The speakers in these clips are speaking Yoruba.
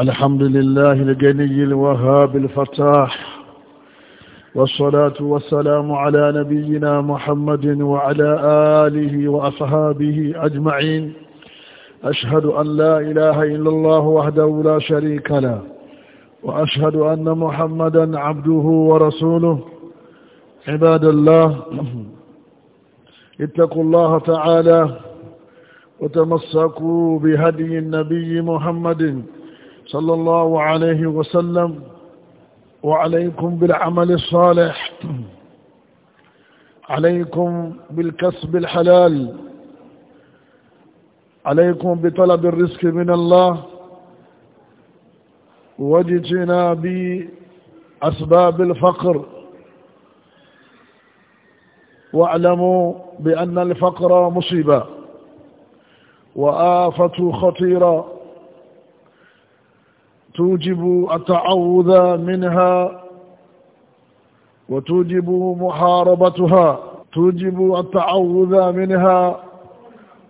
الحمد لله الجني الوهاب الفتاح والصلاة والسلام على نبينا محمد وعلى آله وأصحابه أجمعين أشهد أن لا إله إلا الله وحده لا شريك له وأشهد أن محمدا عبده ورسوله عباد الله اتقوا الله تعالى وتمسكوا بهدي النبي محمد صلى الله عليه وسلم وعليكم بالعمل الصالح عليكم بالكسب الحلال عليكم بطلب الرزق من الله وجدنا بأسباب الفقر واعلموا بأن الفقر مصيبة وآفة خطيرة توجب التعوذ منها وتوجب محاربتها توجب التعوذ منها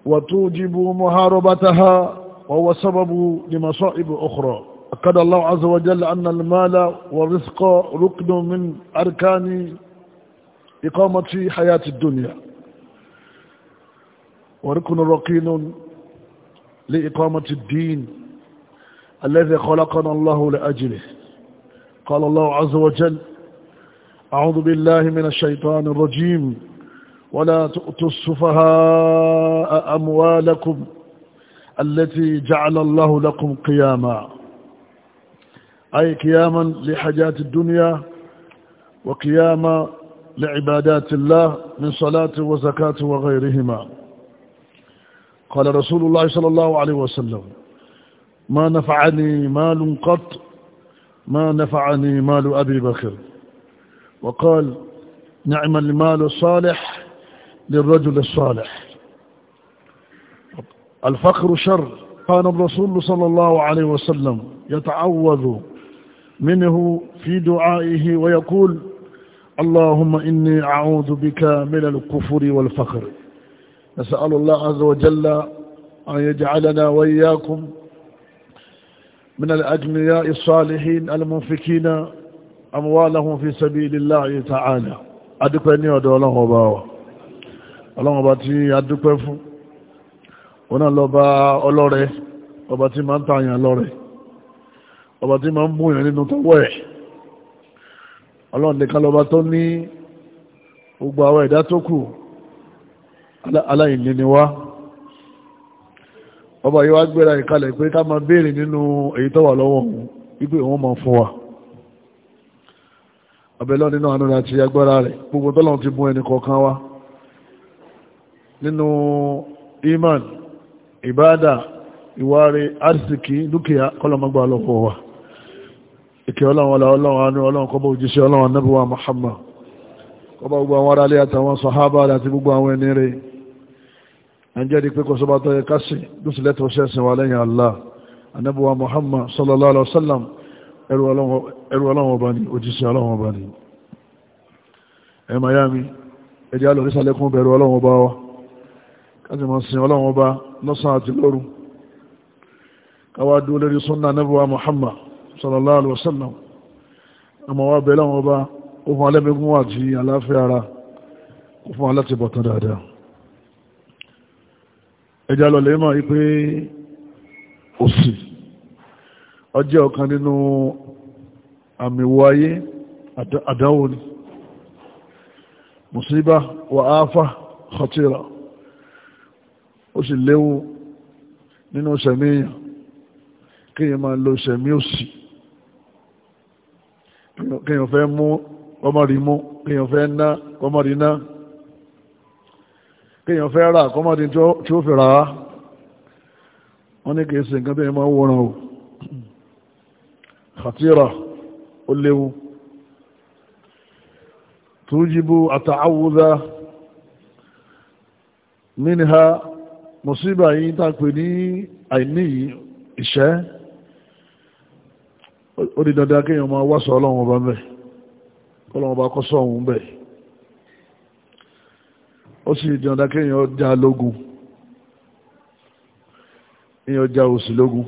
وتوجب محاربتها وهو سبب لمصائب أخرى أكد الله عز وجل أن المال والرزق ركن من أركان إقامة حياة الدنيا وركن ركين لإقامة الدين الذي خلقنا الله لأجله قال الله عز وجل أعوذ بالله من الشيطان الرجيم ولا تؤتوا السفهاء أموالكم التي جعل الله لكم قياما أي قياما لحاجات الدنيا وقياما لعبادات الله من صلاة وزكاة وغيرهما قال رسول الله صلى الله عليه وسلم ما نفعني مال قط ما نفعني مال أبي بكر وقال نعم المال الصالح للرجل الصالح الفقر شر كان الرسول صلى الله عليه وسلم يتعوذ منه في دعائه ويقول اللهم إني أعوذ بك من الكفر والفقر نسأل الله عز وجل أن يجعلنا وإياكم من الأجمياء الصالحين المنفكين أموالهم في سبيل الله تعالى adúpẹ́ ní ọ̀dọ̀ ọlọ́run ọba wa ọlọ́run ọba tí adúpẹ́ fún ọ̀nà lọ́ba ọlọ́rẹ ọba tí ma ń tààyàn lọ́rẹ ọba tí ma ń múyàn nínú tọwọ́ ẹ̀ ọlọ́run nìkan lọ́ba tó ní gbogbo àwọn ẹ̀dá tó kù aláìní ni wá ọba yìí wá gbéra ìkalẹ̀ pé ká máa béèrè nínú èyí tó wà lọ́wọ́ òun wípé òun máa fún wa abẹ́lọ́ nínú àánú àti agbára rẹ̀ gbogbo tọ́lọ́run ti mú ẹnì kọ̀ọ̀kan wa nínú iman ìbáàdà ìwárí arsìkì dúkìá kọ́lọ́mọgbà lọ́pọ̀ wa ìkẹ́ ọlọ́run ọlá ọlọ́run àánú ọlọ́run kọ́bọ̀ òjíṣẹ́ ọlọ́run Muhammad kọ́bọ̀ gbogbo àwọn aráalé àtàwọn sàhábà àti ẹjẹ́ di pé kò sọba tó yẹ kásì ló sì lẹ́tọ̀ sẹ́sìn wà lẹ́yìn Allah anábíwá Muhammad sallallahu alaihi wasallam ẹrù ọlọ́wọ́ ọba ni òjíṣẹ́ ọlọ́wọ́ ọba ni ẹ miami ẹjẹ́ alò ọba wa káàkiri máa sin ọlọ́wọ́ ọba lọ́sàn àti lóru káwá dúró wa bẹ̀rẹ̀ ẹjá lọlẹ́ mọ̀ wípé òṣì ọjọ́ ọ̀kan nínú àmì wo ayé àdánwò ni mùsíbà wà áfà khatira ó sì léwu nínú sẹ̀mí èèyàn kéèyàn máa lo sẹ̀mí òṣì kéèyàn fẹ́ mú kọ́mọ̀rí mú kéèyàn fẹ́ ná kọ́mọ̀rí náà kéèyàn fẹ́ rà kọ́mọ́dé tí ó fi rà á wọ́n ní kìí ṣe nǹkan tó yẹ máa wọ́ran o khatira ó léwu tujibu àtàwùdá minha mùsíbà yìí tá a pè ní àìní ìṣẹ́ ó di dandan kéèyàn máa wá sọ ọlọ́run ọba ń ọlọ́run ọba kọ́ sọ bẹ́ẹ̀ ó sì jọ̀ǹda kéèyàn já lógun èèyàn já òsì lógun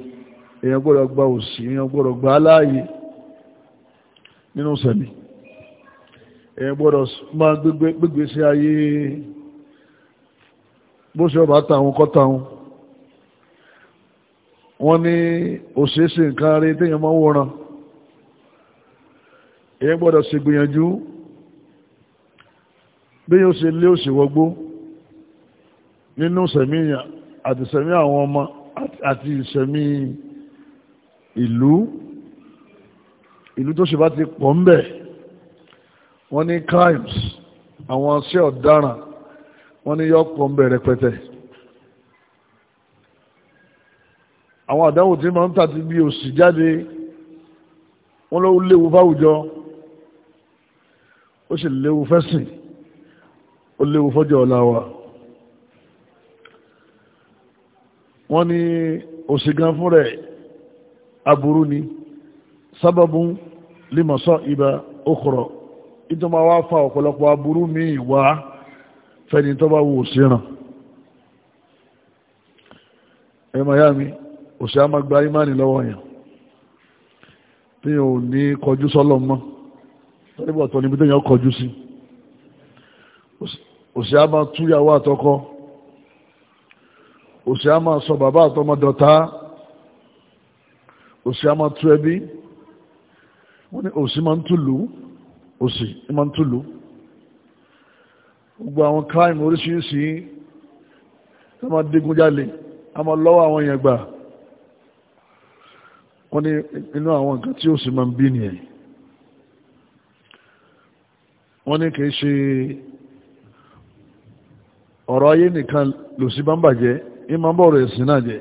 èèyàn gbọ́dọ̀ gba òsì èèyàn gbọ́dọ̀ gba aláàyè nínú sẹ̀mí èèyàn gbọ́dọ̀ máa gbégbé sí ayé bó ṣe ọba táwọn kọ́ táwọn wọ́n ní òṣèṣe nǹkan rí téèyàn máa wòran èèyàn gbọ́dọ̀ ṣègbìyànjú bẹ́ẹ̀ yóò ṣe lé òṣèwọ́gbó nínú sẹ̀mí àti sẹ̀mí àwọn ọmọ àti sẹ̀mí ìlú ìlú tó ṣe bá ti pọ̀ ń bẹ̀ wọ́n ní crimes àwọn iṣẹ́ ọ̀daràn wọ́n ní yọ́ pọ̀ ń bẹ̀ rẹpẹtẹ àwọn àdáwò tí máa ń tàbí bí òsì jáde wọ́n ló léwu fáwùjọ ó sì léwu fẹ́sìn ó léwu fọ́jọ́ ọ̀la wa wọ́n ní òṣìgán fún rẹ̀ aburú ni sábàbùn límọ̀sọ́ ibà okòrò ìtọ́mọ wa fa ọ̀pọ̀lọpọ̀ aburú míì wá fẹ́ni tó bá wo òṣìràn ẹ̀mọ̀ ya mi òṣì á máa gba ìmánì lọ́wọ́ yẹn tí yóò ní kọjú sọ́lọ́ mọ́ tọ́lébọ̀ tó níbi tó kọjú sí i òṣì á máa túyàwó àtọkọ òṣì á máa sọ bàbá àtọmọdọ̀tá òṣì á máa tú ẹbí wọ́n ní òṣì máa ń túlù òṣì máa ń túlù gbogbo àwọn crime oríṣiríṣi tó máa digun jalè a máa lọ́wọ́ àwọn èèyàn gbà wọ́n ní inú àwọn nǹkan tí òṣì máa ń bí nìyẹn wọ́n ní kì í ṣe ọ̀rọ̀ ayé nìkan lòsì bá ń bàjẹ́ ní máa ń bọ̀ ẹ̀sìn náà jẹ́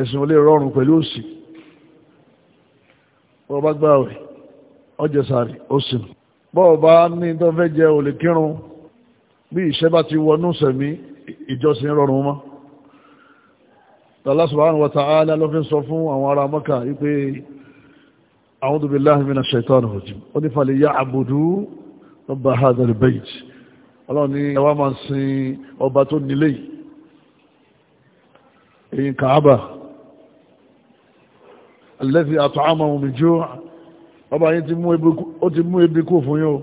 ẹ̀sìn ò rọrùn pẹ̀lú òsì bọ́ọ̀ gbà wẹ̀ ọjẹ́ sàárì ní tó jẹ kírun bí ìṣẹ́ bá ti wọnú sẹ̀mí ìjọsìn rọrùn mọ́ ló fi sọ fún àwọn ará Mọ́kà wípé ó ní ọlọ́run ní ẹwà máa sin ọba tó nílé yìí èyí kàábà alẹ́sì àtọ̀ àmọ́ omi jó ọba yìí ó ti mú ebi kú fún yóò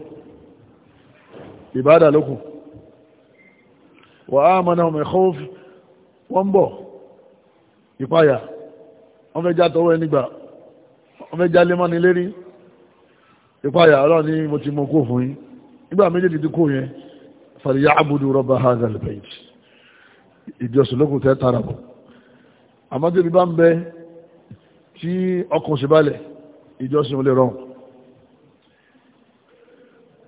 ìbádà lókù wà á mọ́ náà mẹ́kọ́ wọ́n bọ̀ ìpáyà wọ́n fẹ́ já tọwọ́ ẹnigbà wọ́n fẹ́ já lémọ́ ní lérí ìpáyà ọlọ́run ní mo ti mú kú fún yín nígbà méjèèjì ti kú yẹn fàríyà àbúdú rọ́bà haza lẹ́bẹ̀ẹ́jì ìjọsìn lókùn tẹ́ tara bọ̀ àmọ́tí ibi bá ń bẹ tí ọkùn sí balẹ̀ ìjọsìn olè rọrùn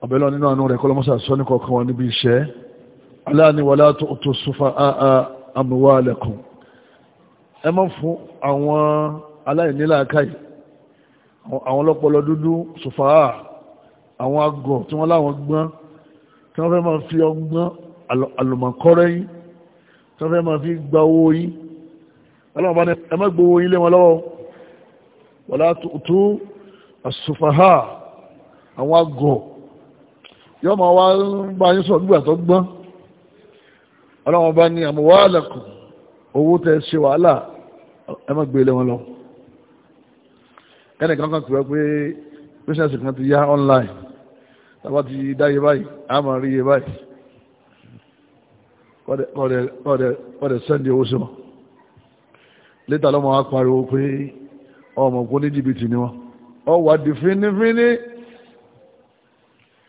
ọ̀bẹ̀lọ́ nínú àánú rẹ̀ kọ́lọ́mọ́sà sọ ní kọ̀ọ̀kan wọn níbi iṣẹ́ aláàní wà látò tó súnfà àmúwá alẹ́kùn ẹ mọ́ fún àwọn aláìníláàkáì àwọn ọlọ́pọlọ dúdú súnfà àwọn agọ̀ tí wọ́n láwọn gbọ́n tí wọ́n fẹ́ máa fi ọgbọ́n àlùmọ̀kọ́rẹ́ yín tí wọ́n fẹ́ máa fi gba owó yín ọlọ́run bá ní ẹ má gbowó yín lé wọn lọ́wọ́ wọ́n lá tó àsùfàhà àwọn àgọ̀ yọ́ máa wá ń bá yín sọ nígbà tó gbọ́n ọlọ́run bá ní àmọ́ owó tẹ ṣe wàhálà ẹ má gbé wọn lọ ẹnìkan kan pè pé business kan ti yá online tàbá ti dáyé báyìí a máa rí iye báyìí kọ́dẹ̀ sẹ́ndì owó sí wọn létà lọ́mọ wa pariwo pé ọmọ òkú ní jìbìtì ni wọn ọ wà di fínífíní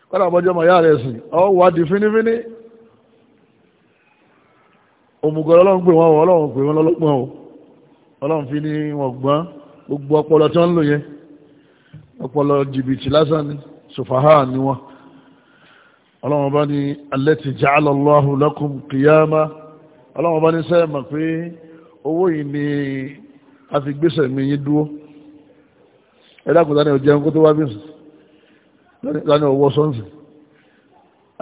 kọ́dà àbọ̀jọ́ mọ̀ yá rẹ̀ sìn ọ wà di fínífíní òmùgọ̀ ọlọ́run pè wọ́n ọlọ́run pè wọ́n lọ́lọ́gbọ́n o ọlọ́run fi ní wọn gbọ́n gbogbo ọpọlọ tí wọ́n ń lò yẹn ọpọlọ jìbìtì lásán ni sòfàhà ni wọn ọlọ́run bá ní allati ja'ala Allahu lakum qiyama ọlọ́run bá ní sẹ́ẹ̀mà pé owó yìí ni a fi gbéṣẹ̀ mi yín dúró ẹ̀dàkùn tani ọ̀jẹun kó tó wá bíṣì tani ọwọ́ sọ́ǹsì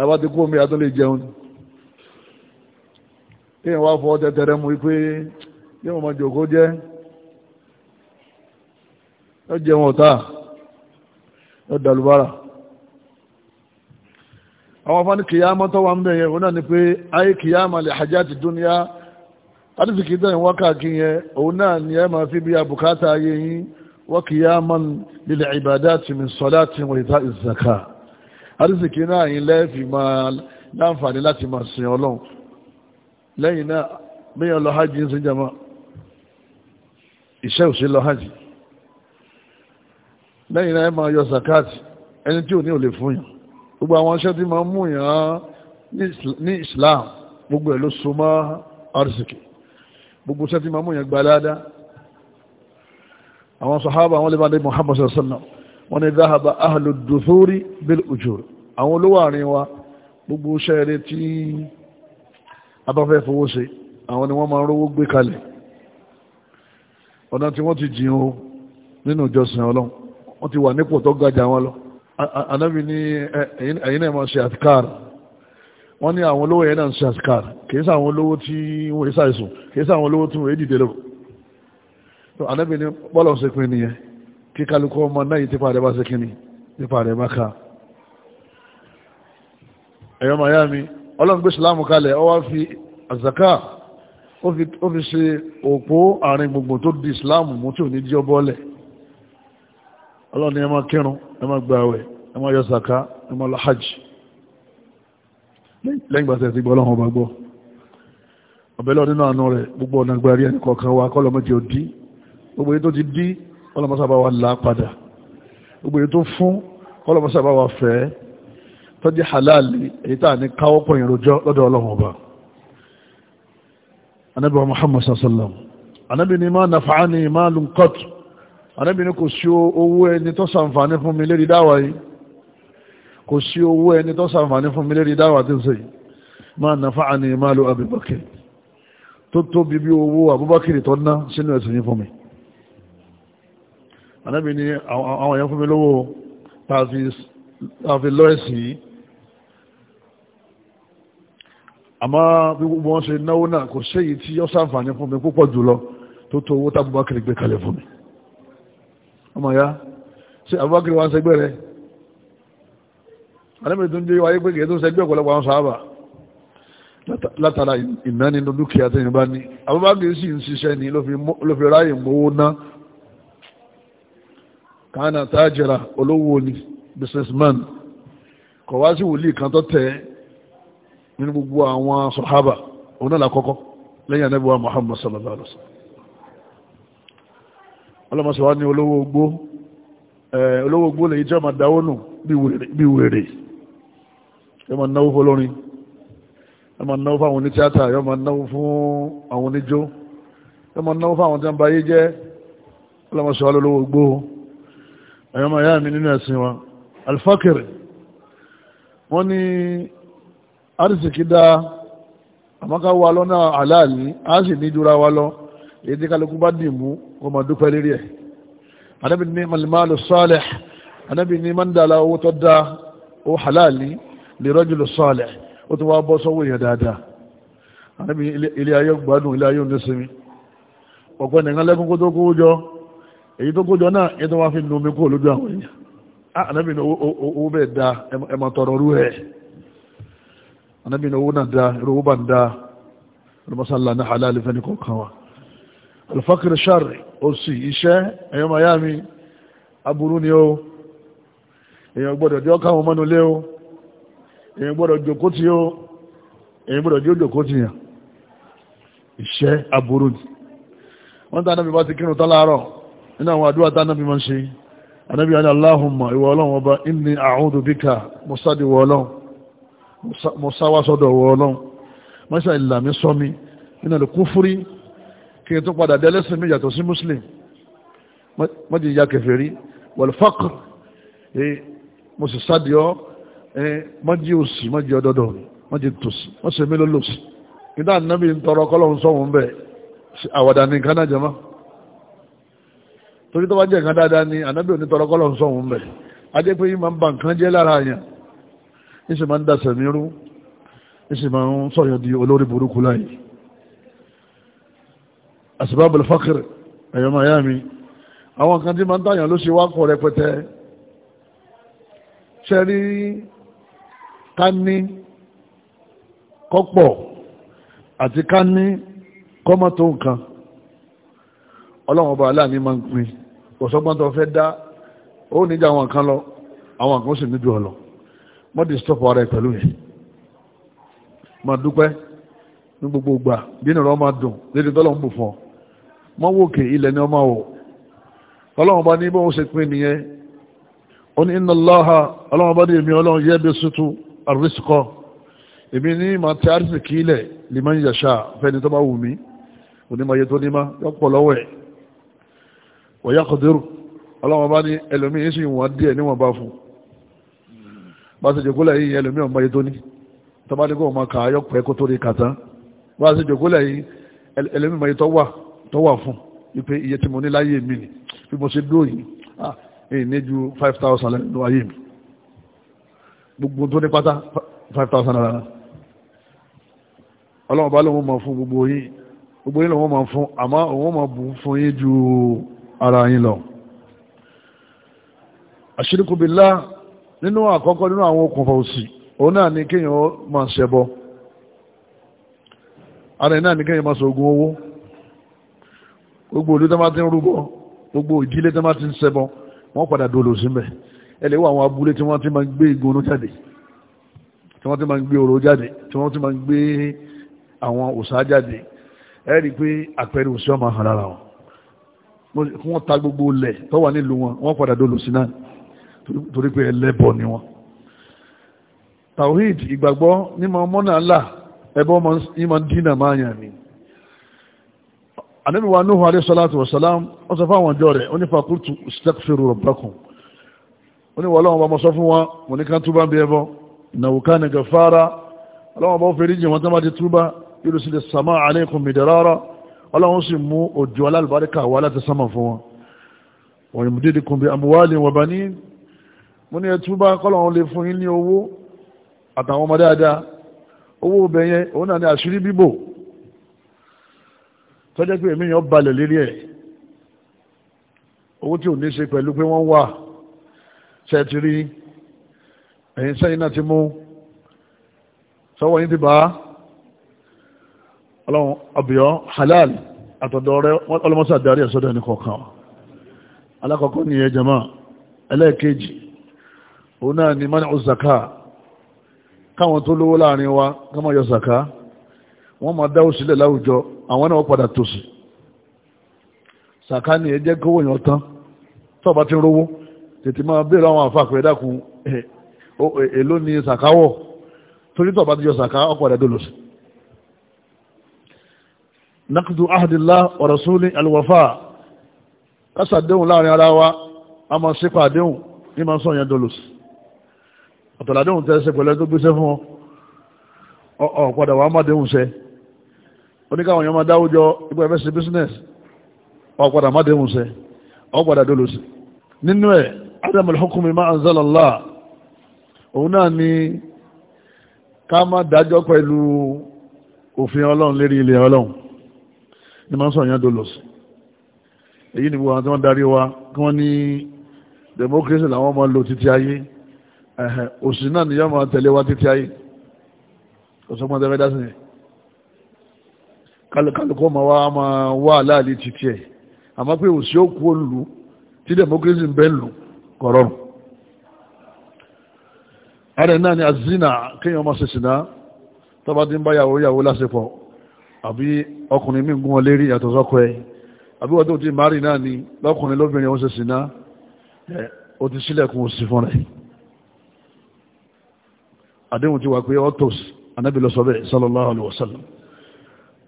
àwádìí kú omi àtọ́lé jẹun èèyàn wá fọ́ tẹ́tẹ́rẹ́ mu pé yóò mọ jòkó jẹ́ yóò jẹun ọ̀tá yóò dàlúbárà àwọn afọ́ ní kìyàmọ́ tó wà ń bẹ̀yẹ òun náà ni pé ayé kìyàmọ́ lè hajjá ti dúnìyá adìsí kìí tẹ̀yìn wákàkì yẹn òun náà ni ẹ máa fi bí abùkátà ayé yín wọ́n kìyàmọ́ lil ibadati min salati wa ita ìzàkà adìsí kìí náà yín láti máa sin ọlọ́run ẹni tí ò ní ò lè fún yàn gbogbo àwọn iṣẹ́ tí máa ń mú yàn ní islam gbogbo ẹ̀ ló so mọ́ arzikì gbogbo iṣẹ́ tí máa ń mú yàn gba dáadáa àwọn sahaba àwọn lè bá dé muhammad sallallahu alaihi wasallam wọn ni dáhàbà ahàlù dùsórí bil ujur àwọn olówó àárín wa gbogbo iṣẹ́ rẹ tí a fowó ṣe àwọn ni wọ́n máa rówó gbé kalẹ̀ ọ̀nà tí wọ́n ti jìn nínú ìjọsìn ọlọ́run wọ́n ti wà nípò tó ga wọn lọ anábì ní ẹ̀yin náà máa ṣe àtikáàr wọ́n ní àwọn olówó ẹ̀yin náà ṣe àtikáàr kìí sí àwọn olówó tí wọ́n èsà ìsùn kìí sí àwọn olówó tí wọ́n èdìdè lọ anábì ní bọ́lọ̀ ṣe pin nìyẹn kí kálukú ọmọ náà yìí tipa bá ṣe kíni tipa rẹ̀ bá ká ẹ̀yọ́ miami ọlọ́run gbé ìsìlámù kalẹ̀ ó wá fi àzàká ó fi ṣe òpó àárín gbùngbùn tó di ìsìlámù mú tí ò ní jí ọbọ̀ lẹ̀ ọlọ́run ni ẹ máa kírun ẹ máa gbààwẹ̀ ẹ máa yọ sàká ẹ máa lọ hajj lẹ́yìn gbàtẹ̀ ti gbọ́ ọlọ́run ọba gbọ́ ọ̀bẹ̀lọ́ nínú àánú rẹ̀ gbogbo ọ̀nà gbàrí ẹni kọ̀ọ̀kan wa kọ́lọ̀mọ́jì ò dí gbogbo èyí tó ti dí kọ́lọ̀mọ́sàbá wa là padà gbogbo èyí tó fún kọ́lọ̀mọ́sàbá wa fẹ́ tó jẹ́ halali èyí tà ní káwọ́pọ̀ ìròjọ́ lọ́dọ̀ ọlọ́run ọba anábì wa muhammad sallallahu anábì ni ma nafa'ani malun qat anábìnrin kò sí owó ẹni tó sàǹfààní fún mi lérí dáwà yìí kò sí owó ẹni tó sàǹfààní fún mi lérí dáwà tí ń sèyí máa nàfà ní máa lo abubakar tó tóbi bí owó abubakar tó ná sínú ẹ̀sìn yìí fún mi anábìnrin àwọn èèyàn fún mi lówó tààfi lọ́ẹ̀sì yìí àmá bí gbogbo wọn ṣe náwó náà kò séyìí tí ó sàǹfààní fún mi púpọ̀ jùlọ tó tó owó tábùbákiri gbé kalẹ̀ fún mi ọmọ oh ya ṣe Abubakar wa ń sẹgbẹ́ rẹ̀ alẹ́mìnrin tó ń jẹ́ wáyé pé kìí tó ń sẹgbẹ́ ọ̀pọ̀lọpọ̀ àwọn sàábà látara ìnáni nínú dúkìá tó yìnbá ní Abubakar sì ń ṣiṣẹ́ ní ló fi ráyè gbowó ná kánà tájìrà olówó ni businessman kọ̀ wá sí wòlíì kan tó tẹ̀ nínú gbogbo àwọn sàábà òun náà lẹ́yìn anábíwá Muhammad sallallahu alaihi wa sallam ọlọ́mọsọ̀wá ní olówó ogbó olówó ogbó lè jẹ́ ọmọ dáwó nù bí wèrè yọmọ náwó fọlọ́rin yọmọ náwó fún àwọn onítíátà yọmọ náwó fún àwọn oníjó yọmọ náwó fún àwọn tí wọ́n bá yé jẹ́ ọlọ́mọsọ̀wá lólówó ogbó ẹ̀yọ́mọ ìyá mi nínú ẹ̀sìn wa alfakir wọ́n ní arísìkí dá àmọ́ká wa lọ́nà àláàlì á sì ní jura wa lọ́nà èdè kálukú bá dìmú wọ́n máa dúpẹ́ lérí ẹ̀ anábì ní malimalu sọ́ọ̀lẹ̀ anábì ní mandala owó tó dá ó halali lè rọ́jùlù sọ́ọ̀lẹ̀ ó ti wá bọ́ sọ́wọ́ èèyàn dáadáa anábì ilé ayé gbádùn ilé ayé onísìnmi ọ̀pọ̀ nìkan lẹ́kún kó tó kówó jọ èyí tó kójọ náà èyí tó wá fi nùmí kó lójú àwọn èèyàn anábì ah, ní owó bẹ́ẹ̀ da ẹ máa tọrọ rú ẹ̀ anábì ní owó náà da irú owó bá ń da ọlọ́mọsán lànà halali fẹ́ni kọ̀ọ̀kan wa alfakir sharri òsì iṣẹ́ ẹ̀yọ́ miami aburú ni ó èyàn gbọ́dọ̀ jọ káwọn mọ́nu lé ó èyàn gbọ́dọ̀ jòkó tí ó èyàn gbọ́dọ̀ jọ jòkó tí yàn iṣẹ́ aburú ni wọ́n tá anábi bá ti kírun tálàárọ̀ nínú àwọn àdúrà tá anábi máa ń ṣe anábi àni aláhùnmá ìwọ ọlọ́run ọba inni a'udhu bika mọ́sáàdì wọ ọlọ́run mọ́sáwásọ́dọ̀ wọ ọlọ́run mọ́sáà ìlàmí sọ́mi nínú àlùkúfúrí kí n tó padà dé ẹlẹ́sìn mi yàtọ̀ sí muslim wọ́n ti ya kèfèrí wọ̀lfọ́kù mo sì sádìọ́ wọ́n jí òsì wọ́n jí ọdọ́dọ́ wọ́n jí tòsí wọ́n sì mélòó lòsì nígbà nábì ń tọrọ kọ́lọ́hún sọ́hún bẹ́ẹ̀ àwàdà ní nǹkan náà jẹ́mọ́ torí tó bá jẹ́ nǹkan dáadáa ni ànábì ò ní tọrọ kọ́lọ́hún sọ́hún bẹ́ẹ̀ adé pé yín máa ń ba nǹkan jẹ́ lára yẹn ní sì máa ń dasẹ̀ mí ní sì máa ń sọ̀yọ́ di olórí burúkú láyìí أسباب الفقر ẹ̀yọ́ miami àwọn كان دي máa ń tàyàn ló ṣe wá kọ̀ rẹpẹtẹ ṣe rí ká ní kọ́pọ̀ àti ká ní kọ́mọ́ tó nǹkan ọlọ́run ọba aláàní máa ń pin ọ̀sọ́gbọ́n tó fẹ́ dá ó níjà àwọn kan lọ àwọn kan sì níjú ọ̀lọ́ mọ́dì stop ara ẹ̀ pẹ̀lú yẹn máa dúpẹ́ ní gbogbo ìgbà bí nìrọ̀ máa dùn lédè tọ́lọ́ ń bù fún ọ mọ́ wòkè ilẹ̀ ni ọmọ wò ọlọ́run bá ní bóun ṣe pín nìyẹn ó ní inna Allaha ọlọ́run bá ní èmi ọlọ́run yẹ́ bí sútú àrísìkọ́ èmi ní ma ti àrísìkí ilẹ̀ liman yasha fẹ́ni tó bá wù mí onímọ̀ye tó ní má yọpọ̀ lọ́wọ́ ẹ̀ wa yaqdiru ọlọ́run bá ní ẹlòmíín sì wọ́n díẹ̀ níwọ̀n bá fún bá ṣe ọmọ yẹ tó wà fún wípé iye tí mo ní láyé mi ni bí mo ṣe dúró yìí ah, èyí ní ju five thousand lọ ayé mi gbogbo tó ní pátá five thousand naira ọlọ́run bá lóun máa fún gbogbo yín gbogbo yín lòun máa fún àmọ́ òun máa bù fún yín ju ara yín lọ àṣíríkù billah nínú àkọ́kọ́ nínú àwọn okùnfà òsì òun náà ni kéèyàn máa ṣẹbọ ara yìí náà ni kéèyàn máa ṣe oògùn owó gbogbo olú tó máa ti ń rúbọ gbogbo ìdílé tó máa ti ń ṣẹbọ wọ́n padà dolo síbẹ̀ ẹlẹ́ wọ àwọn abúlé tí wọ́n ti máa ń gbé ìgbónú jáde tí wọ́n ti máa ń gbé oró jáde tí wọ́n ti máa ń gbé àwọn òsá jáde ẹ pé àpẹẹrẹ òsì ọmọ hàn lára wọn kí wọ́n ta gbogbo lẹ̀ tó wà nílùú wọn wọ́n padà dolo sí náà torí pé ẹlẹ́bọ ni wọn tawhid ìgbàgbọ́ ní ma mọ́nà ńlá ẹbọ ní ma dínà máa yàn ni ànábì wa Nuhu alayhi salatu wasalam ó sọ fáwọn ọjọ́ rẹ̀ ó ní fakultu istaghfiru rabbakum ó ní wọ́lọ́wọ́n bá mọ́ sọ fún wọn mo ní kan túbá bí ẹbọ innahu kana ghaffara ọlọ́wọ́n bá fèrè jìn wọn tó má ti túbá yursilis samaa alaykum midrara ọlọ́wọ́n sì mú òjò alálùbáríkà wà láti sánmà fún wọn wa yumdidukum bi amwalin wa banin mo ní ẹtúbá kọ́lọ́wọ́n lè fún yín ní owó àtàwọn ọmọ dáadáa owó bẹ̀yẹn òun náà ní àṣírí bíbò tọ́jẹ́ pé èmi yàn balẹ̀ lérí ẹ̀ owó tí ò ní ṣe pẹ̀lú pé wọ́n wà ṣe ẹ̀yìn sẹ́yìn náà ti mú sọ́wọ́ yín ti bá ọlọ́run halal àtọ̀dọ̀ rẹ ẹ̀sọ́dọ̀ ẹni kọ̀ọ̀kan jama ẹlẹ́ẹ̀kejì òun náà ni mani káwọn tó lówó láàrin wọ́n máa dáwó sílẹ̀ láwùjọ àwọn náà padà tòṣì sàkánì ẹ jẹ́ kówó yàn tán tó bá ti ń rówó tètè máa béèrè àwọn àfàpẹ́ dákun èló ni sàkáwọ̀ torí tó bá ti yọ sàká ọ̀pọ̀ àdá dòlòsì nákùtù ahadìlá ọ̀rọ̀ súnlẹ̀ alùwàfà kásàdéhùn láàrin ara wa a máa sípa àdéhùn ní máa sọ yẹn dòlòsì ọ̀tọ̀làdéhùn tẹ́ ṣe pẹ̀lú ẹgbẹ́ gbéṣẹ́ fún ọ ọ̀pọ̀dà wà á má déhùn ṣe oníkàwọn èèyàn máa dáwójọ ipò ẹ̀fẹ́ sí business ọ̀padà má déhùn sẹ ọ̀padà dolo sí nínú ẹ̀ adam al-hukumi ma anzala Allah òun náà ni ká má dájọ́ pẹ̀lú òfin ọlọ́run lérí ilẹ̀ ọlọ́run ní máa ń sọ èèyàn dolo sí èyí ni wọ́n tí wọ́n darí wa kí wọ́n ní democracy làwọn máa lò títí ayé òsì náà ni yọ́ máa wa títí ayé òsì náà ni yọ́ máa wa títí ayé kálukọ́ ma wá ma wá aláàlẹ́ títí ẹ̀ àmọ́ pé òsì òkú olùlú tí democracy ń bẹ́ lù kọ̀rọ̀rùn ààrẹ náà ni azina kéèyàn ọmọ ṣèṣìná tọ́ba dín bá yàwó yàwó lásìpọ̀ àbí ọkùnrin mí gún ọ lérí yàtọ̀ sọ́kọ ẹ̀ àbí wọ́n tó ti márì náà ni lọ́kùnrin lóbìnrin ọmọ ṣèṣìná ó ti sílẹ̀kùn òsì fún rẹ̀ àdéhùn ti wà pé ọ́tọ̀s anábìlọ́sọ̀bẹ̀ sallallahu alaihi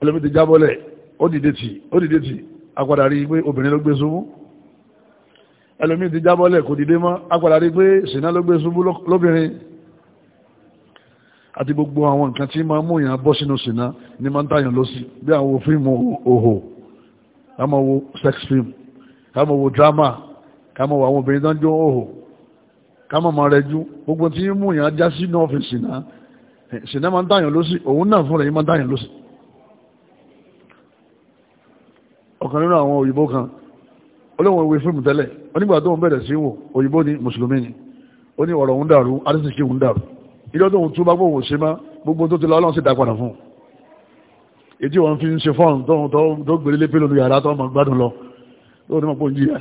ẹlòmí ti jábọ́lẹ̀ ó dìde tì ó dìde tì apadà rí pé obìnrin ló gbé ṣubú ẹlòmí ti jábọ́lẹ̀ kò dìde mọ́ apadà rí pé ṣìnà ló gbé ṣubú lóbìnrin àti gbogbo àwọn nǹkan tí máa mú èèyàn bọ́ sínú ṣìnà ní máa ń tàyàn lọ sí bí àwọn fíìmù òhò ká wo sex film ká máa wo drama ká máa wo àwọn obìnrin tó ń jó òhò ká máa máa rẹjú gbogbo tí mú èèyàn já sínú ọ̀fìn ṣìnà ṣìnà máa ń tàyàn lọ sí òun náà fúnra yìí máa ń tàyàn lọ sí. ọ̀kan nínú àwọn òyìnbó kan olóhùn ìwé fíìmù tẹ́lẹ̀ onígbà tó ń bẹ̀rẹ̀ sí wò òyìnbó ni mùsùlùmí ni ó ní ọ̀rọ̀ ń dàrú arísìkí ń dàrú ilé tó ń túbá gbóhùn sí má gbogbo tó ti lọ ọlọ́run sì dá padà fún un ètí wọn fi ń ṣe fọ́ọ̀n tó gbèrè lé pélónú yàrá tó máa gbádùn lọ tó ní mọ̀pọ̀ jìyà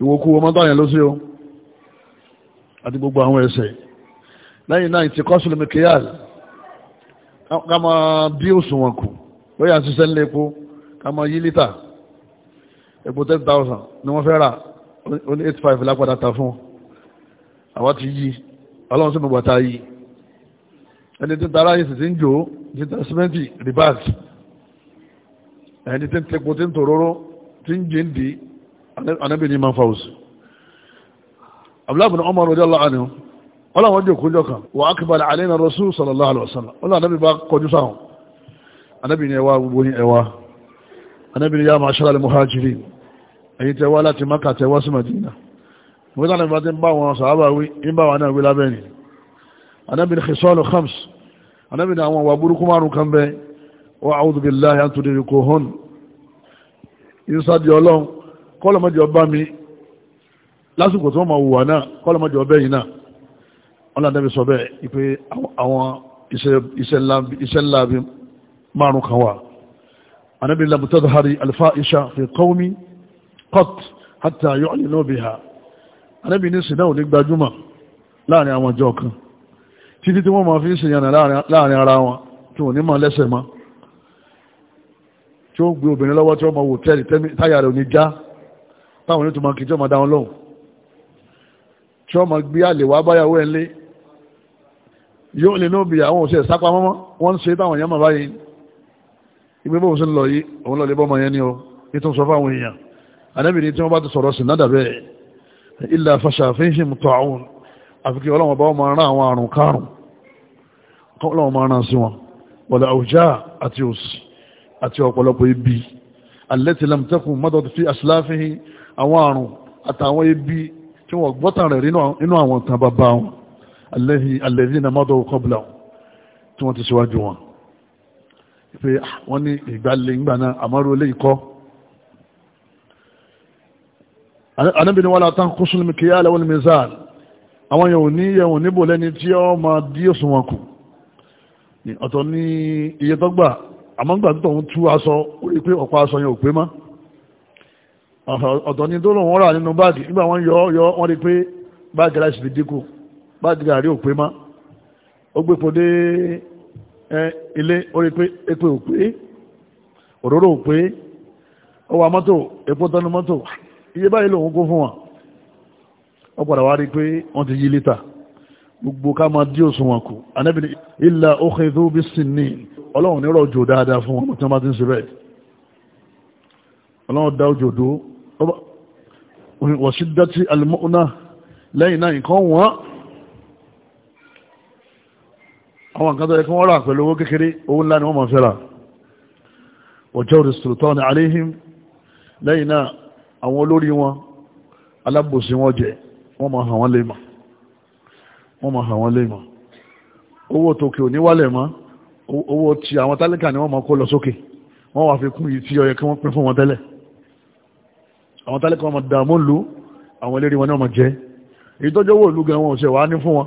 ìwòkú ọmọ táyà ló sí o àti gbogbo àwọn ẹsẹ̀ lẹ́yìn náà ti kọ́sùlùmí kíyàl ká máa bí òṣùwọ̀n kù bóyá ń ṣiṣẹ́ nílé epo ká mọ yí lítà epo ten thousand ni wọ́n fẹ́ rà ó ní eight five lápadà ta fún àwa ti yí ọlọ́run sínú bàtà yí ẹni tí ń tara yìí sì ti ń jò ó ti ta sìmẹ́ntì ribas ẹni tí ń tepo tí ń tòróró tí ń jìn dì anábì ní man faus abúlábùn ọmọ rọjò ọlọ́ ọlọ́run jòkó jọ kan wà á kìbàlẹ̀ àlẹ́ ìnà rọ́ṣù sallallahu alaihi wasallam ọlọ́run anábì bá kọjú sáwọn anábìnrin ẹwà gbogbo ní ẹwà anábìnrin yá máa ṣọ́lá lè muhajirin ẹ̀yìn tẹwà láti maka tẹwà sí madina mọ́tà náà bá ti ń bá wọn sàábà wí ń bá wọn náà wí lábẹ́ni anábìnrin khisalu khams anábìnrin àwọn wà burúkú márùn kan bẹ wa a'udhu billahi an tudrikuhun ìsádi ọlọ́run kọ́lọ̀mọ́dì ọba mi lásìkò tó máa wùwà náà kọ́lọ̀mọ́dì ọbẹ̀ yìí náà wọn sọ bẹ́ẹ̀ ìpè àwọn iṣẹ́ ńlá bíi márùn kan wà anábì lam tadhari alfa'isha fi qawmi qat hatta yu'linu biha anábì ní sinna ò ní gbajúmọ̀ láàrin àwọn ọjọ́ kan títí tí wọ́n máa fi ń sìnyànà láàrin ara wọn tí wọ́n ní máa lẹ́sẹ̀ mọ́ tí ó gbé obìnrin lọ́wọ́ tí wọ́n máa wò tẹ́lì táyà rẹ̀ ò ní já táwọn onítùú máa kì tí wọ́n máa dá wọn lóhùn tí wọ́n máa gbé àlè wá báyàwó ẹ̀ lé yóò lè ní òbí àwọn òṣèlú sápamọ́ wọ́n ń ṣe táwọn èèyàn máa báyìí ìgbé bóun sí lọ yìí òun lọ lè bọ́ ọmọ yẹn ni o yìí tó ń sọ fáwọn èèyàn àdẹ́bìnrin tí wọ́n bá ti sọ̀rọ̀ sí nádà bẹ́ẹ̀ ilẹ̀ afẹ́ṣà fíṣì mú tọ́ àwọn àfikí ọlọ́wọ́n bá ọmọ ara àwọn àrùn kárùn ọlọ́wọ́n máa ràn sí wọn wọ̀lẹ̀ àwùjá àti òsì àti ọ̀pọ̀lọpọ̀ ibi alẹ́tì lamtẹ́kùn fi àṣìláfihìn àwọn àrùn àtàwọn ibi tí wọ́n gbọ́tàn rẹ̀ nínú àwọn ìtàn bàbá wọn alẹ́hìn alẹ́hìn na mọ́tò kọ́bùlà tí wọ́n ti síwájú wọn pé ah, wọ́n ní ìgbàlẹ̀ ìgbà náà àmọ́rò ilé ìkọ́ anábìnrin wọn látàn kó súnlẹ̀ mi kìí àlẹ́wọ̀n mẹ́sàl àwọn yẹ̀wò ní yẹ̀wò níbò lẹ́ni tí ó máa dí òsùn wọn kù ọ̀tọ̀ ní iye tó gbà àmọ́ gbà tó ń tú aṣọ orí pé ọ̀pá aṣọ yẹn ò pé mọ́ ọ̀tọ̀ ní tó lòun rà nínú báàgì nígbà wọn yọ yọ wọn rí pé báàgì láì sì dínkù báàgì gàrí ò pé mọ́ ó gbé po dé ilé orí pé epe ò pé òróró ò pé ọwọ́ mọ́tò epo tọ́nu mọ́tò iye báyìí lòun kó fún wọn wọ́n padà wá rí pé wọ́n ti yí lítà gbogbo ká máa dí òṣùwọ̀n kù anábìnrin ilà òkèèdú bí sì ní ọlọ́run nírọ̀ òjò dáadáa fún wọn tí wọ́n bá ti ń ṣe ọlọ́run dá òjò dó wọ́n sì dá tí alimọ́ná lẹ́yìn náà nǹkan wọ́n àwọn nǹkan tó yẹ kí wọ́n rà pẹ̀lú owó kékeré owó ńlá ni wọ́n mọ̀ fẹ́ rà ọjọ́ ìrìsùlùtọ́ ni aléhìm lẹ́yìn náà àwọn olórí wọn alábòsí wọn jẹ wọ́n mọ̀ hàn wọ́n lè mọ̀ wọ́n mọ̀ hàn wọ́n lè mọ̀ owó tòkè òní wálẹ̀ mọ́ owó ti àwọn tálíkà ni wọ́n mọ̀ kó lọ sókè wọ́n wà fi kún yìí tí ó kí wọ́n pín fún wọn tẹ́lẹ̀ àwọn tálíkà wọn mọ̀ dààmú lu àwọn eléré wọn ni wọ́n mọ̀ jẹ́ ìtọ́jọ́wọ́ òlu gan wọn ò ṣe wàá ní fún wọn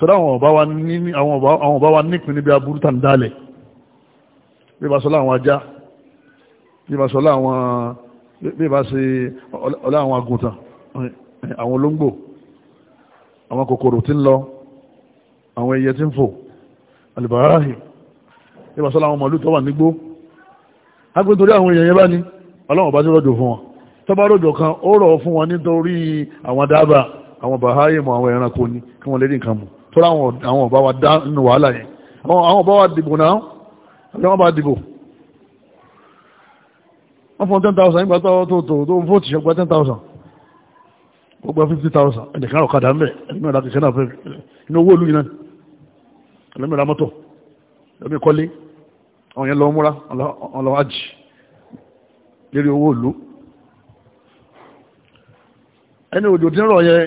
tọ́lá àwọn ọba wa nípin níbi aburú tàn dálẹ̀ bí bá sọ́lá àwọn ajá bí bá sọ́lá àwọn bí bá sí ọlá àwọn agùntàn àwọn olóńgbò àwọn kòkòrò tí ń lọ àwọn ẹyẹ tí ń fò alìbáráhì bí bá sọ́lá àwọn màlúù tó nígbó agbẹ́ntorí àwọn èèyàn bá ní ọlọ́wọ̀n bá ti rọ̀jò fún wọn tó ráwọn àwọn ọba wa dá nínú wàhálà yẹn àwọn ọba wa dìbò náà àwọn ọba dìbò wọ́n fún 10,000 nígbà tó tó tó tó fún òtìṣẹ́ gba 10,000 gbogbo 50,000 ẹ̀dẹ̀kan ọ̀kadà ń bẹ̀ ẹ̀lẹ́mẹ̀rẹ̀ akẹ́kẹ́ náà fẹ́ inú owó olú yìí náà ẹ̀lẹ́mẹ̀rẹ̀ mọ́tò ẹ̀mí kọ́lé àwọn yẹn lọ múra ọlọ ajì lérí owó olú ẹni òjò tí ń rọ̀ yẹn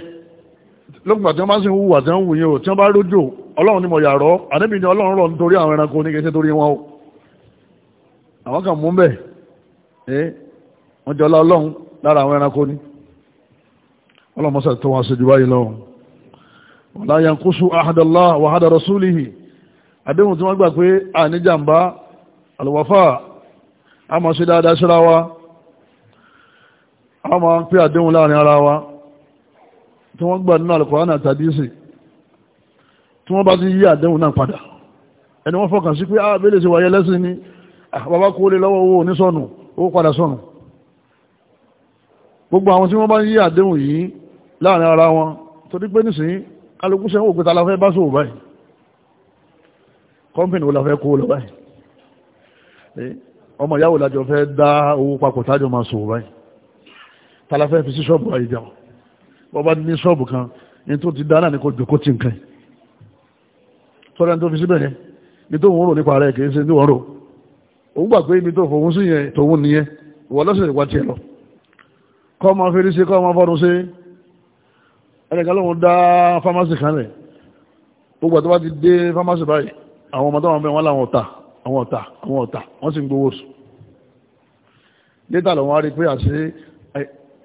lókùnbà tí wọ́n bá sì ń hùwà tí wọ́n wù yẹn o tí wọ́n bá rójò ọlọ́run ni mo yà rọ àdébì ni ọlọ́run nítorí ẹranko wọn o àwọn kan mú jọ lára àwọn ni ọlọ́run mọ́sà tó wọn ṣojú báyìí lọ́wọ́ wọn láyà ń kúṣu ahadàlá wàhádà rasulihi àdéhùn tí wọ́n gbà pé àníjàmbá tí wọ́n gbà nínú àlùkòrán náà tàdísì tí wọ́n bá ti yí àdéhùn náà padà ẹni wọ́n fọkàn sí pé a bẹ́lẹ̀ sí wáyé lẹ́sìn ni ah, bàbá kó lè lọ́wọ́ owó onísọ̀nù owó padà sọ̀nù gbogbo àwọn tí wọ́n bá ń yí àdéhùn yìí láàrin ara wọn torí pé nísìnyí kálukú sẹ́wọ́n òkúta la fẹ́ bá sòwò báyìí kọ́mpìnì wo la fẹ́ kó bọ́bá ní ṣọ́ọ̀bù kan ní tó ti dáná ní kò jòkó tí nǹkan sọ́dá tó fi síbẹ̀ yẹn ní tó wọ́n rò nípa rẹ̀ kìí ṣe ní wọ́n rò òun gbà pé ibi tó fòun sí yẹn tòun nìyẹn ìwọ lọ́sẹ̀ ìwà tiẹ̀ lọ kọ́ ọmọ fèrè ṣe kọ́ ọmọ fọ́dún ṣe ẹnìkan lóun dá fámásì kan rẹ̀ gbogbo àti wá ti dé fámásì báyìí àwọn ọmọ táwọn bẹ́ẹ̀ wọ́n láwọn ọ̀tà àwọn ọ̀tà àwọn ọ̀tà wọ́n sì ń gbowó sùn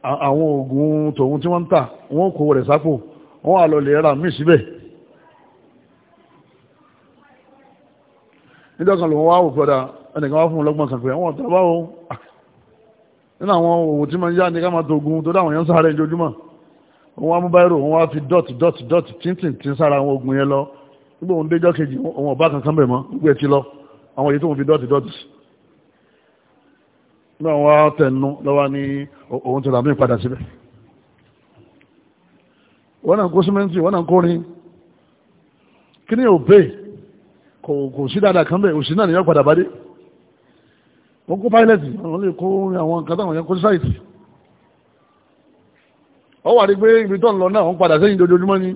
àwọn oògùn tòun tí wọ́n ń tà wọ́n kó rẹ̀ sápò wọ́n wà lọ lè ra míì síbẹ̀ nítorí lòun wá òkúta ẹnìkan wá fún ọlọ́gbọ́n kan pé àwọn ọ̀tá báwo nínú àwọn òwò tí máa ń yá ní ká máa tó ogun tó dáwọn yẹn sáré ojoojúmọ́ wọ́n wá mú báyìí wọ́n wá fi dọ́ọ̀tì dọ́ọ̀tì dọ́ọ̀tì tíntìn tí ń sára àwọn ogun yẹn lọ nígbà òun déjọ́ kejì òun ọ̀bá kankan bẹ̀ mọ́ gbogbo ti lọ àwọn èyí tó ń fi dọ́ọ̀tì dọ́ọ̀tì sí náà wá tẹnu lọ́wọ́ ní òun tó làmí padà síbẹ̀ wọ́n náà kó símẹ́ntì wọ́n náà kó rin kí ni ò bẹ́ẹ̀ kò sí dáadáa kan bẹ́ẹ̀ òsì náà nìyẹn padà bá dé wọ́n kó pilẹ̀tì wọ́n lè kó àwọn nǹkan táwọn yẹn kó sáìtì ọ wà rí pé ibi tó ń lọ náà wọ́n padà sẹ́yìn dojoojúmọ́ ni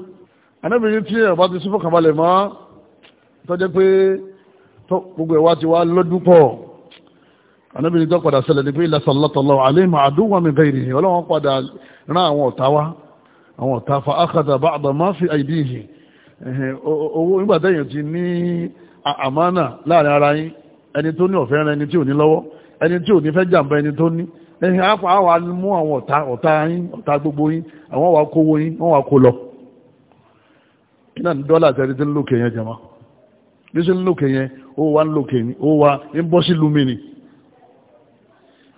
anábìrin tí ẹ̀ bá ti sífọ́ kàbalẹ̀ mọ́ tọ́jẹ́ pé gbogbo ẹ̀ wá ti wá lọ́dún pọ̀ anábìnrin tó padà sẹlẹ̀ ní pé ilẹ̀ sallallahu alaihi àdúwà min ghairihi ọlọ́wọ́n padà rán àwọn ọ̀tá wá àwọn ọ̀tá fa akhadha ba'da ma fi aydihi owó nígbàtẹ́yìn ti ní àmánà láàrin ara yín ẹni tó ní ọ̀fẹ́ ẹni tí ò ní lọ́wọ́ ẹni tí ò ní fẹ́ jàǹbá ẹni tó ní ẹni àpá àwa mú àwọn ọ̀tá ọ̀tá yín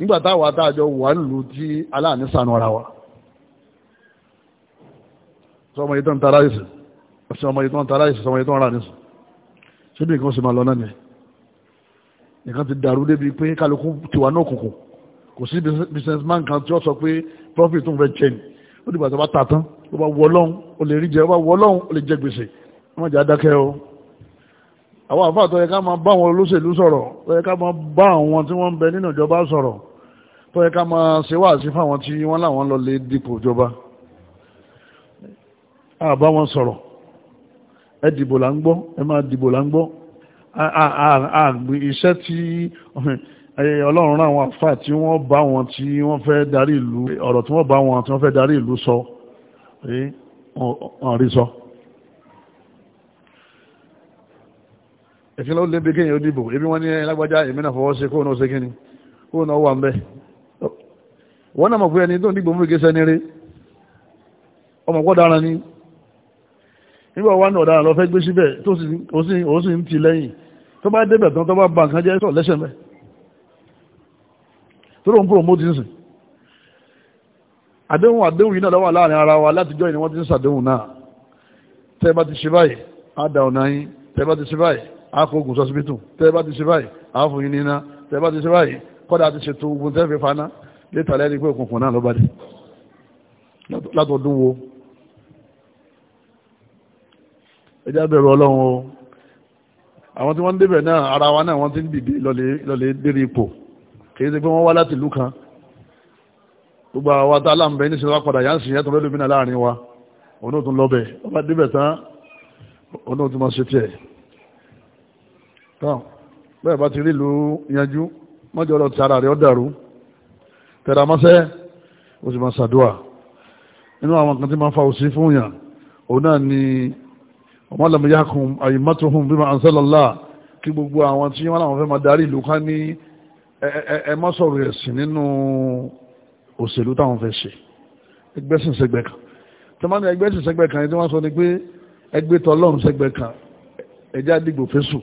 nígbà táwa táàjọ wà nílùú tí aláàní sànú ara wa sọmọ yìí tó ń tara ìsìn sọmọ yìí tó ń tara ìsìn sọmọ yìí tó ń ra nìsìn ṣé bí nǹkan ṣe máa lọ náà ni nǹkan ti dàrú débi pé kálukú tiwa náà kùkù kò sí businessman kan tí ó sọ pé profit tó ń fẹ́ jẹ ni ó dìgbà tó bá ta tán ó bá wọ ọlọ́run ó lè rí jẹ ó bá wọ ọlọ́run ó lè jẹ gbèsè wọ́n jẹ́ adákẹ́ o àwọn àfáà tó yẹ ká máa bá àwọn olóṣèlú sọ̀rọ̀ tó yẹ ká máa bá àwọn tí wọ́n ń bẹ nínú ìjọba sọ̀rọ̀ tó yẹ ká máa ṣe wáàsí fáwọn tí wọ́n láwọn lọ lè dìpò ìjọba àbá wọn sọ̀rọ̀ ẹ dìbò là ń gbọ́ ẹ máa dìbò là ń gbọ́ àgbì iṣẹ́ tí ọlọ́run rán àwọn àfáà tí wọ́n bá wọn tí wọ́n fẹ́ darí ìlú ọ̀rọ̀ tí wọ́n bá wọn tí wọ́n fẹ́ darí ìlú sọ ọ̀rí sọ. ekele ó lé bí kéèyàn ó dìbò ebi nwanne ya lágbájá eme fọwọ́ sí kóònà na ṣe kíni kóònà ó wà ń bẹ́ na náà mọ̀ pé ẹni tó ń dìbò mú ìgbésẹ̀ ní rí ọmọ pọ́ dára ní nígbà wà ní sọ ti yìí náà láàrin ara wa ti ń sàdéhùn náà tẹ́ bá ti ṣe báyìí á àfọ̀gùn sọ́sibítù tẹ́ bá ti ṣe báyìí àfọ̀yìn níná tẹ́ bá ti ṣe báyìí kọ́dà ti ṣètò ogun tẹ́ fi faná létà lẹ́ni pé òkùnkùn náà ló bá dé látọ̀dún wo ẹjá bẹ̀rù ọlọ́run o àwọn tí wọ́n ń débẹ̀ náà ara wa náà wọ́n ti ń dìde lọ́lẹ̀ dérí ipò kìí ṣe pé wọ́n wá láti ìlú kan gbogbo àwa tá aláǹbẹ ní sinimá padà yáǹsì yẹn tó lọ́dún tán bẹ́ẹ̀ bá ti rí ìlú yanjú mọ́jọ́ lọ ti ara rẹ̀ ọ́ dàrú tẹ̀ramọ́sẹ́ ó sì máa ṣàdúà inú àwọn kan tí máa fa òsì fún yàn òun náà ni ọmọlẹ́mìyàkùn àyìmọ́tòhùn bima anzalallah kí gbogbo àwọn tí wọ́n láwọn fẹ́ máa darí ìlú ká ní ẹ má sọ̀rọ̀ ẹ̀sìn nínú òṣèlú táwọn fẹ́ ṣe ẹgbẹ́ sìn sẹ́gbẹ́ kan tí wọ́n ní ẹgbẹ́ sìn sẹ́gbẹ́ kan ẹni tí wọ́n sọ ni pé ẹgbẹ́ tọ́lọ́run sẹ́gbẹ́ kan ẹjẹ́ àdìgbò fẹ́sùn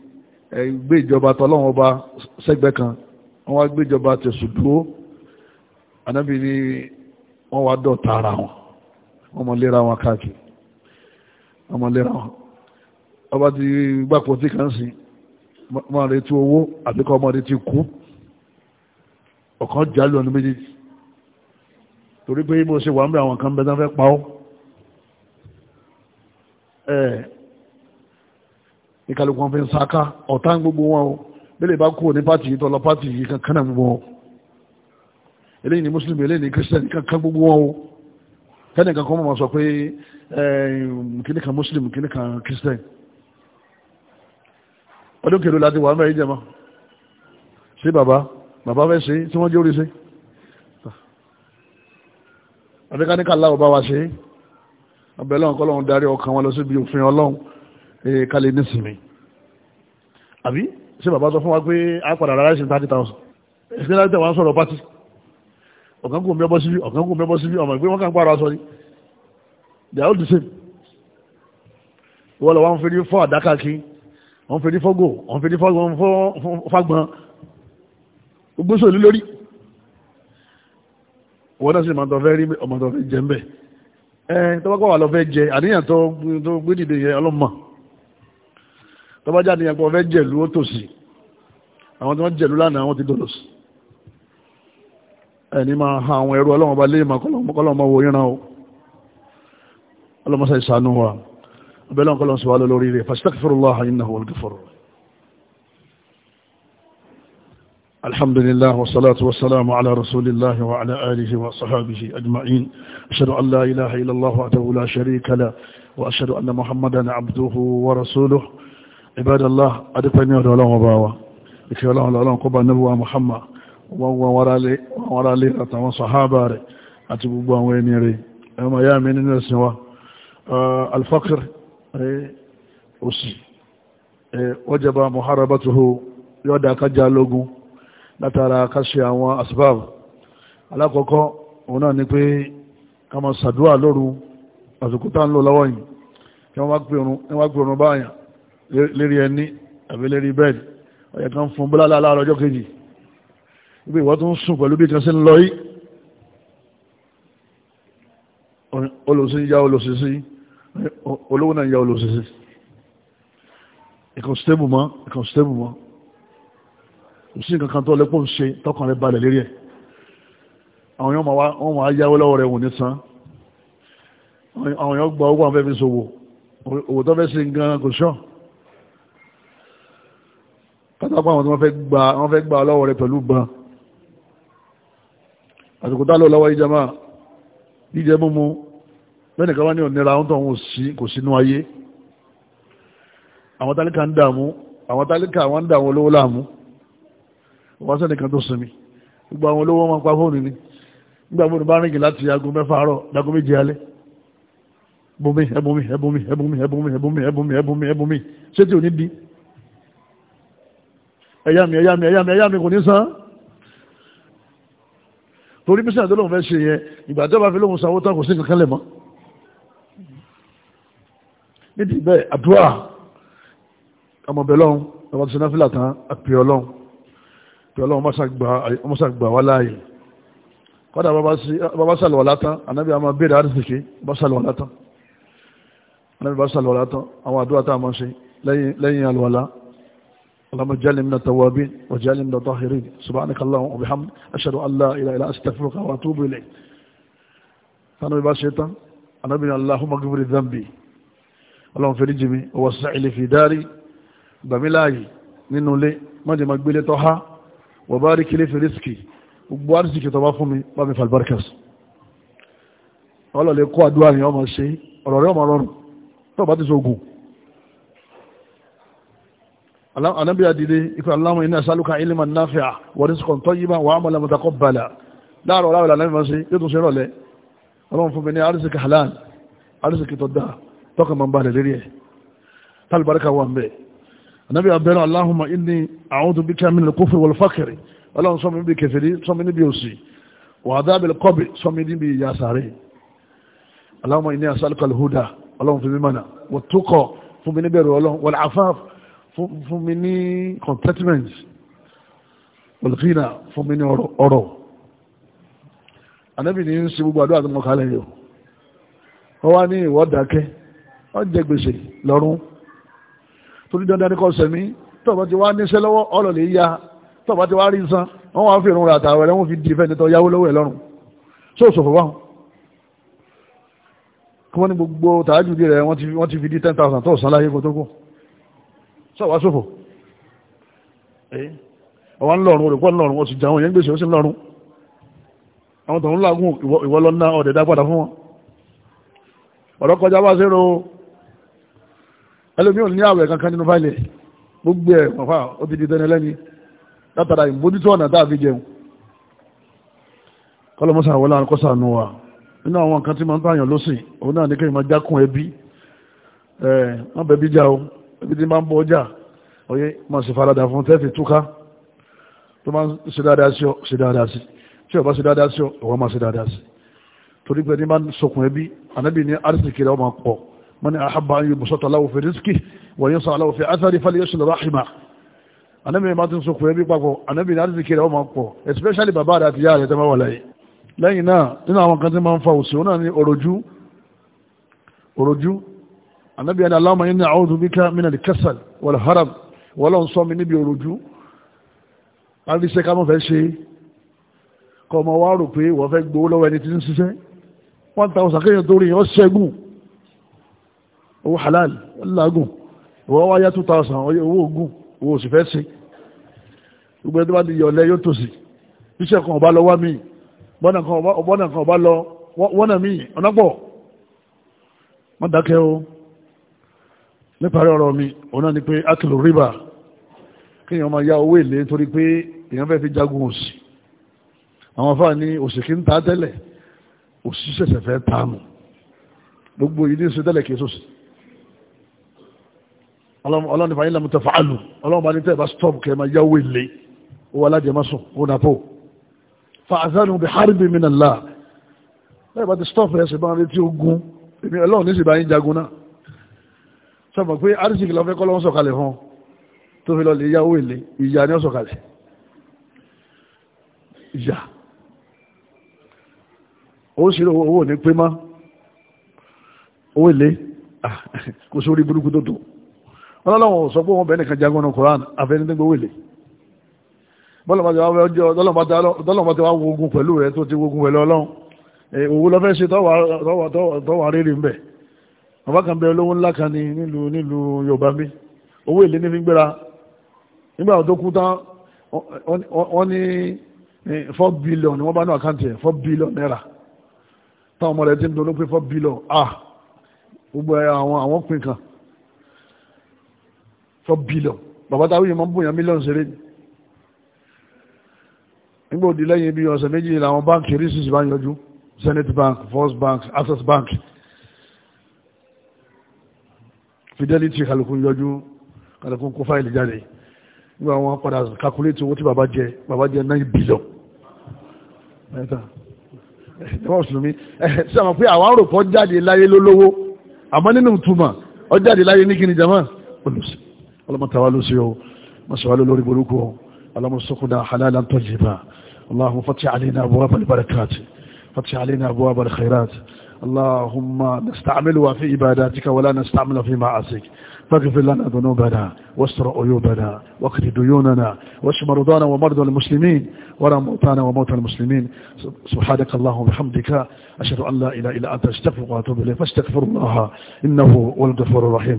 gbé ìjọba tọ́lọ́wọ́n ọba sẹ́gbẹ́ kan wọ́n wá gbé ìjọba tẹ̀sù dúró anábì ni wọ́n wá dọ̀ tààrà wọn wọ́n mọ̀ lera wọn káàkiri wọ́n mọ̀ lera wọn ọba ti gbàpọ̀ tí kan sí máa retí owó àbíkọ́ ọmọ retí kú ọ̀kan jálù ọ̀nà méjèèjì torí pé mo ṣe wà ń bẹ àwọn kan bẹ tán fẹ́ pa ọ́ ìkàlùkù wọn fi ń sáká ọ̀tá gbogbo wọn o bẹ́lẹ̀ bá kúrò ní pàtì yìí pàtì yìí náà gbogbo wọn eléyìí ni mùsùlùmí eléyìí ni kírísítẹ́nì kankan gbogbo wọn o kẹ́ni kankan mọ̀ sọ pé kíní kan mùsùlùmí kíní kan kírísítẹ́nì ọdún kèrò láti wà mẹ́rin jẹ́mọ́ sí bàbá bàbá fẹ́ sí tí wọ́n jẹ́ orí sí àbíkáníkà láwọ̀ bá wa ṣe ọbẹ̀ lọ́nkọ́ lọ́n kálẹ̀ nísìnyí àbí ṣé bàbá sọ fún wa pé a padà rárá sí thirty thousand ẹ̀sìn láti tẹ̀wọ́n sọ̀rọ̀ pátì ọ̀kan kò mẹ́bọ́ síbí ọ̀kan kò mẹ́bọ́ síbí ọmọ ìgbé wọn kàn pààrọ̀ aṣọ ni they are all the same wọ́n lọ wọ́n fi ní fọ́ àdáká kí wọ́n fi ní fọ́gò wọ́n fi ní fọ́gbọ́n fọ́gbọ́n gbogbo sòlú lórí wọ́n náà sì máa tọ́fẹ́ rí ọmọ tọ́fẹ́ jẹ́ ń bẹ̀ ẹ tọ́wọ́kọ́ wà lọ́fẹ́ jẹ àníyàn tó gbé dìde yẹ ọlọ́mọ tó bá jáde yẹn pọ̀ fẹ́ jẹ̀lú ó tòsí àwọn tí wọ́n jẹ̀lú lánàá wọ́n ti dòdò sí ẹni máa ha àwọn ẹrú ọlọ́wọ́n bá léèmà kọ́lọ́mọ wo yíran o ọlọ́mọsá ìsànú wa abẹ́lẹ́ ọ̀kọ́lọ́ sọ wà lórí rẹ̀ fastaghfirullah innahu wal ghafur alhamdulillah wa salatu wa salamu ala rasulillah wa ala alihi wa sahabihi ajma'in ashhadu an la ilaha illallah wa la sharika la wa ashhadu anna muhammadan abduhu wa rasuluhu Ibadallah adúpẹ́ ní ọ̀dọ̀ ọlọ́run ọba wa ìfẹ́ ọlọ́run ọlọ́run kó bá Ànábì wa Muhammad wọ́n wọ́n wọ́n lé àtàwọn sàhábà rẹ̀ àti gbogbo àwọn ẹni rẹ̀ ẹmọ ya mi nínú ẹ̀sìn wa alfakir òsì wajaba muharabatuhu yọ́dá kájá lógún látara káṣẹ àwọn asbab alákọ̀ọ́kọ́ òun náà ni pé ká wọ́n wá lérí ẹni àbí lérí bẹ́ẹ̀dì ọ̀yẹ̀ kan fún bọ́lá láàárọ̀ ọjọ́ kejì ibi ìwọ́n tó ń sùn pẹ̀lú bí kan sí ń lọ yìí olùsí ya olùsísí olówó náà ya olùsísí ìkan stable mọ́ ìkan stable mọ́ òsì nǹkan kan tó lẹ́pọ̀ ń ṣe tọkàn rẹ̀ balẹ̀ lérí ẹ̀ àwọn yóò máa yáwó lọ́wọ́ rẹ̀ wò ní san àwọn yóò gba owó àwọn fẹ́ fi ṣòwò òwò tó fẹ́ ṣe nǹkan kò ṣọ́ọ̀ kátàpá àwọn tí wọ́n fẹ́ gba wọ́n fẹ́ gba ọlọ́wọ́ rẹ̀ pẹ̀lú ban àsìkò tá ló lọ́wọ́ ìjàmá jíjẹ múmu lẹ́nìkan wá ní ònira àwọn tó ń sí kò sínú ayé àwọn tálíkà ń dààmú àwọn tálíkà àwọn ń dààmú olówó láàmú wọ́n sẹ́nìkan tó sinmi gbogbo àwọn olówó máa ń pa fóònù ni nígbà fóònù bá rìngì láti aago mẹ́fà àárọ̀ dago méje alẹ́ ẹbùnmi ẹbùnmi ẹbùnmi ẹbùnmi ẹbùnmi ẹbùnmi ẹbùnmi ẹbùnmi ẹbùnmi ṣé tí ò ní di ẹ̀yà mi ẹ̀yà mi ẹ̀yà mi ẹ̀yà mi kò ní san torí bísí àti olóhùn fẹ́ ṣe yẹn ìgbà tó bá fi lóhùn sanwó tán kò sí kankan lẹ̀ mọ́ níbi bẹ́ẹ̀ àdúrà ọmọbẹ̀ lọ́hùn ọmọ tó ṣe náfìlà tán àpè ọlọ́hùn pè ọlọ́hùn ọmọṣà gbà wá láàyè kọ́dà bàbá sàlùwà اللهم اجعلني من التوابين واجعلني من الطاهرين سبحانك اللهم وبحمد اشهد ان لا اله الا انت استغفرك واتوب اليك فانا بشيطان انا بن اللهم اغفر ذنبي اللهم فرج مي ووسع لي في داري بملاي nínú ilé mọ́jẹ̀ ma gbélé tọ́ ha wà bá rí kílé fèrísìkì gbogbo àrísìkì tọ́ bá fún mi bá mi falbarkas ọlọ́lẹ̀ kó àdúrà rẹ̀ ọmọ anábì àdìdé ikú aláwọ̀ iná sálúkà ilman náfíà warizqan tayyiban wa amalan mutaqabbala láàrọ̀ láwọ̀ lànàmì máa ṣe yóò tún ṣe rọ̀lẹ́ ọlọ́run fún mi ní arísìkì halal arísìkì tó dáa tọ́kà máa ń balẹ̀ lérí ẹ̀ tálùbáríkà wà ń bẹ̀ anábì abẹ́rẹ́ Allahumma inni a'udhu bika min al-kufri wal faqri ọlọ́run sọ mi níbi kẹfẹ́rí sọ mi níbi òsì wa adhabil fún mi ní contentment olùkínà fún mi ní ọ̀rọ̀ ànábì ní ń ṣe gbogbo àdúrà tó mọ kálẹ̀ yìí ó wá ní ìwọ́ dákẹ́ ó jẹ gbèsè lọ́rùn torí dandan ní kò sẹ̀mí tọ́ba ti wá níṣẹ́ lọ́wọ́ ọ̀rọ̀ lè ya tọ́ba ti wá rí san wọ́n wá fi ìrun rà tàwọn ẹ̀rẹ́ wọ́n fi di fẹ́ni tó yáwó lọ́wọ́ ẹ̀ lọ́rùn ṣó òṣòfò wá kí wọ́n ní gbogbo tààjù rẹ̀ wọ́n ti fi di ten thousand tó san láyé kó tó kù sọ̀wá sófò ọwọ́ ńlọrun olùkọ́ ńlọrun wọ́n ti jà wọn yẹn gbèsè ó sì ńlọrun àwọn tọ̀hún lágùn ìwọ lọ ná ọ̀dẹ̀ dá padà fún wọn ọ̀rọ̀ kọjá bá ṣe ro ẹlòmíì ò ní àwẹ̀ kankan nínú fáìlì gbogbo ẹ̀ mọ̀fà ó ti di tẹni lẹ́ni látara ìmójútó ọ̀nà tá a fi jẹun kọlọmọsà wọlé àwọn kọsà nù wa nínú àwọn nǹkan tí máa ń tààyàn lọ́sìn òun náà ní kéèyàn máa jákun ẹbí ẹ̀ má bẹ̀ bí já o ibi tí máa ń bọ ọjà oyé máa ṣe farada fún tẹ́ẹ̀fì túká tó máa ń ṣe dáadáa sí ọ ṣe dáadáa sí tí ọba ṣe dáadáa sí ọ ìwọ máa ṣe dáadáa sí torí pé ní máa ń sọkùn ẹbí anábì ní arísìkì rẹ̀ ọmọ pọ̀ mọ́ni àhábà ayé bùsọ́tọ̀ aláwọ̀ fi rísíkì wọ̀nyí sọ aláwọ̀ fi ásárì falẹ̀ yóò ṣùlọ ráhìmà anábì máa ti sọkùn ẹbí papọ̀ anábì ní arísìkì rẹ̀ ọmọ pọ̀ especially bàbá rẹ̀ àti ìyá rẹ̀ tẹ́ máa wà láyé lẹ́yìn náà nínú àwọn kan tí máa ń fa òsì òun náà ní òròjú òròjú anabi ẹni aláwọ̀ yẹn ní àwọn òdùbíkà mí náà lè kẹsàn wọlé haram wọlé ń sọ mi níbi òròjú àríṣẹ́ ká mọ́ fẹ́ ṣe kọ́ ọmọ wa rò pé wọ́n fẹ́ gbowó lọ́wọ́ ẹni tí ń ṣiṣẹ́ one thousand kéèyàn tó rí yẹn ó ṣẹ́gun owó halal lágùn ìwọ́n wáyá two thousand owó ogun owó òsì fẹ́ ṣe gbogbo ẹni tó bá di yọ̀lẹ́ yóò tòsí iṣẹ́ kan ọba lọ wá mí bọ́nà kan ọba lọ wọ́nà mí ọ̀nà pọ̀ wọ́n dákẹ́ o níparí ọ̀rọ̀ mi òun náà ni pé akìlò rìbá kí èèyàn máa ya owó èlé nítorí pé èèyàn fẹ́ fi jagun òsì àwọn afáà ní òsì kí ń ta tẹ́lẹ̀ òsì ṣẹ̀ṣẹ̀ fẹ́ ta nù gbogbo yìí ní ṣe tẹ́lẹ̀ kìí sòsì ọlọ́run nípa yín lẹ́mú tẹ fàálù ọlọ́run bá ní tẹ́ bá stop kẹ́ máa yá owó èlé owó alájẹmọ́sùn ó nà pọ̀ fàázánù bí haribi min Allah lẹ́yìn bá ti stop ẹ̀ sì bá ń retí ogun ọlọ́run ní sì bá yín jagun náà sọmọ pé arísìkì lọ fẹ́ kọ́ lọ́wọ́ sọ̀kalẹ̀ fún tó fi lọ lè yáwó èlé ìyá ni ó sọ̀kalẹ̀ ìyá ó sì rò owó ní pé mọ́ owó èlé kò sórí burúkú tó tó wọ́n lọ́wọ́ sọ pé wọ́n bẹ̀rẹ̀ nìkan jagun ní koran àfẹnitégbé owó èlé bọ́lọ̀mọ́ ti wá wogun pẹ̀lú rẹ̀ tó bàbá kan bẹ olówó ńlá kan ní nílùú nílùú yorùbá mi owó èlé ní fi gbéra nígbà tó kú tán wọ́n ní four billion ni wọ́n bá ní àkáǹtì ẹ̀ four billion naira táwọn ọmọ rẹ̀ ti ń dolo pé four billion ah gbogbo àwọn àwọn pin kan four billion bàbá táwọn yìí máa ń bùyàn mílíọ̀nù ṣeré nígbà òdì lẹ́yìn bí ọ̀sẹ̀ méjì làwọn báńkì rí sísè bá yọjú zenith bank first bank access bank fidelity kálukú yọjú kálukú kó fáìlì jáde nígbà wọn padà calculate owó tí bàbá jẹ bàbá jẹ nine billion ẹ̀ta ẹ̀wọ̀n mùsùlùmí ẹ̀ẹ́ sí àwọn pé àwọn àròpọ̀ jáde láyé lólówó àmọ́ nínú ìtumọ̀ ọ jáde láyé ní kíni jama olùsí ọlọ́mọtàwá ló sí o mọ̀sọ̀wá lórí burúkú halal alámọ̀sọ́kúnà halalan tajiba Allahumma fati alina abuwa balibarakati fati alina abuwa balikhairati اللهم نستعملها في إباداتك ولا نستعملها في معاصيك فاغفر لنا ذنوبنا واستر عيوبنا واقض ديوننا واشف مرضانا ومرضى المسلمين ولا وموت المسلمين سبحانك اللهم بحمدك اشهد ان لا اله الا انت استغفرك واتوب اليك فاستغفر الله إنه هو الرحيم